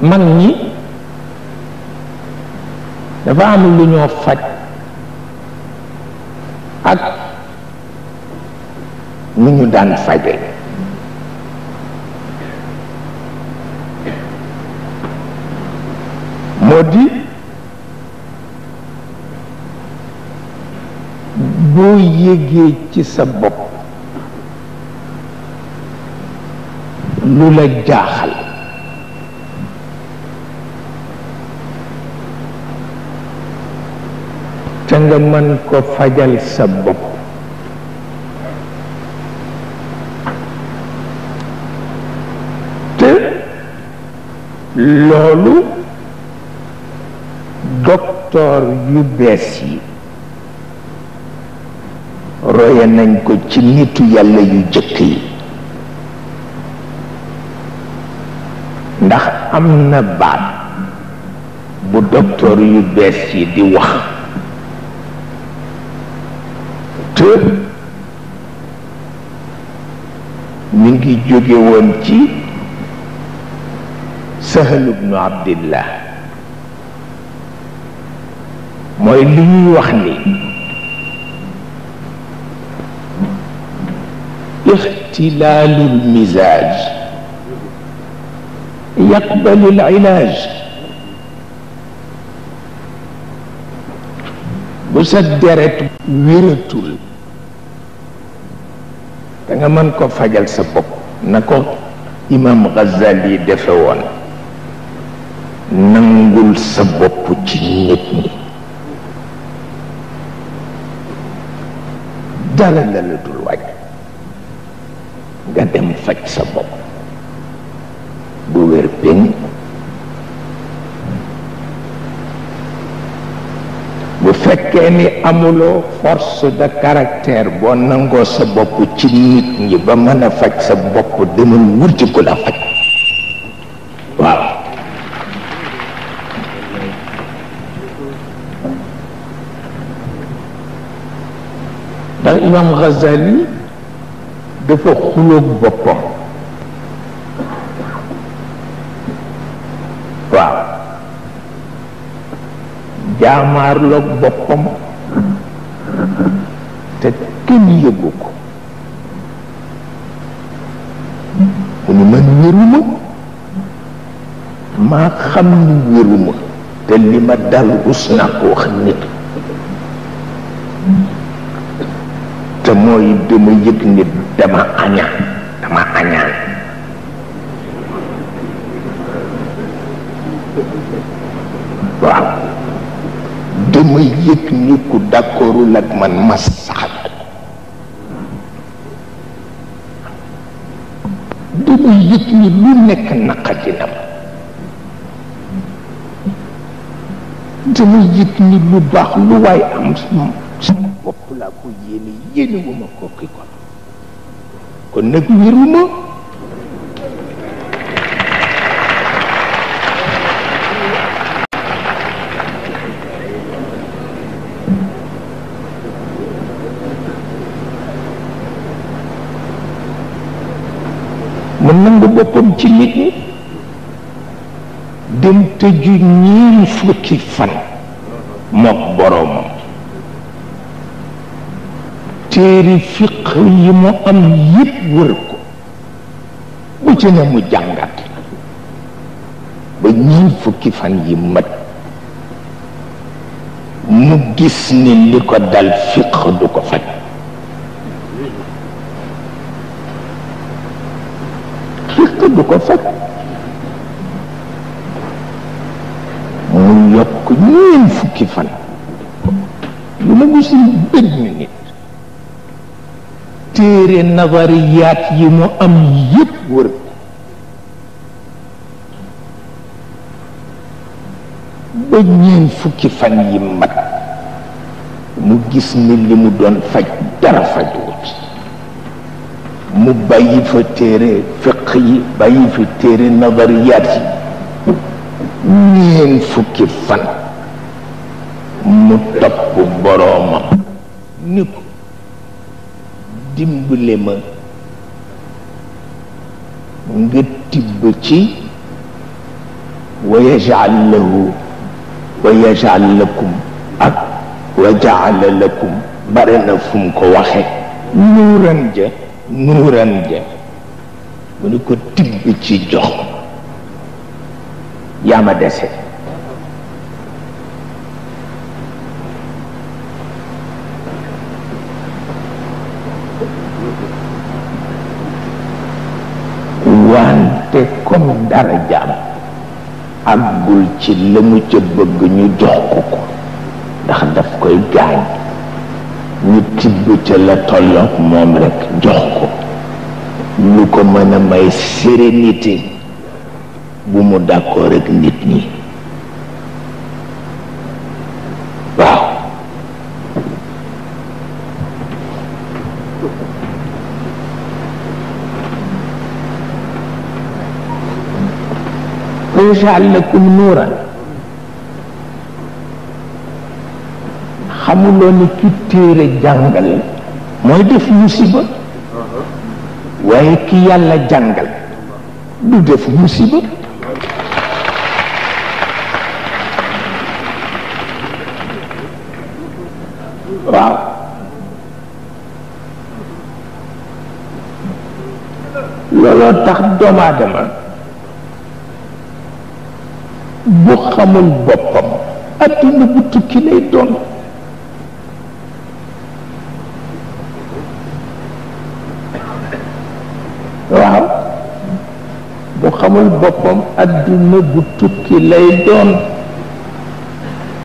mag ñi dafa am lu ñoo faj ak nu ñu daan faje moo di boo yégee ci sa bopp lu la jaaxal ca ko fajal sa bopp te loolu docteur yu bees yi roye nañ ko ci nitu yu ya ndax baat bu doktor yu bees di wax te mi ngi jóge woon ci Sahal ibnu Abdillah mooy li ñuy wax ni ixtilaalul mizaaj yaqbalul ilaaj bu sa deret wératul danga nga mën ko fajal sa bopp na ko imam Ghazali defe woon nangul sa bopp ci nit ñi dara la dul wàcc nga dem faj sa bopp bu wér péng bu fekkee ni amuloo force de caractère boo nangoo sa bopp ci nit ñi ba mën a faj sa bopp demal wuti ku la faj waaw ndax imam Ghazali dafa xuloog boppam jaamaarloog boppam te kin yeguko ko ni man wéruma ma xam ni wéruma te lima dal usna ko wax te moy dama yëg nit dama dama you. yëg ni ku d'accordul ak man ma saaga dama yëg ni lu nekk naqati na ma dama yëg ni lu baax lu waay am sama bopp laa ko yéene yéene wu kon kon nag mu nangu boppam ci nit ñi dem tëju ñeen fukki fan mook boroomam téere fiq yi mu am yépp wër ko bu ci mu jàngat ba ñeen fukki fan yi mat mu gis ni li ko dal fiq du ko faj te du ko faj mu yokk ñeen fukki fan lu la musul benn nit téere nazariyaat yi mu am yépp wër ba ñeen fukki fan yi mat mu gis ni li mu doon faj dara faju mu bàyyi fa téere fiq yi bàyyi fi téere nadariyaat yi ñeen fukki fan mu topp boroomam ni ko dimbale ma nga tibb ci wa yajal lahu wa ak wa jaala lakum bare na fu mu ko waxe nuuran nuuran ja mu ni ko tibb ci jox yaa ma dese wante comme dara jaam àggul ci lëmu mu ca bëgg ñu jox ko ndax daf koy gaañ ñu tibb ca la tolloog moom rekk jox ko lu ko mën a may sérénité bu mu d'accord ak nit ñi waaw incha lakum nuuran xamuloo ni ki téere jàngal mooy def musiba waaye ki yàlla jàngal du def musiba waaw looloo tax doomu aadama bu xamul boppam adduna bu tukki lay doon xamul boppam adduna bu tukki lay doon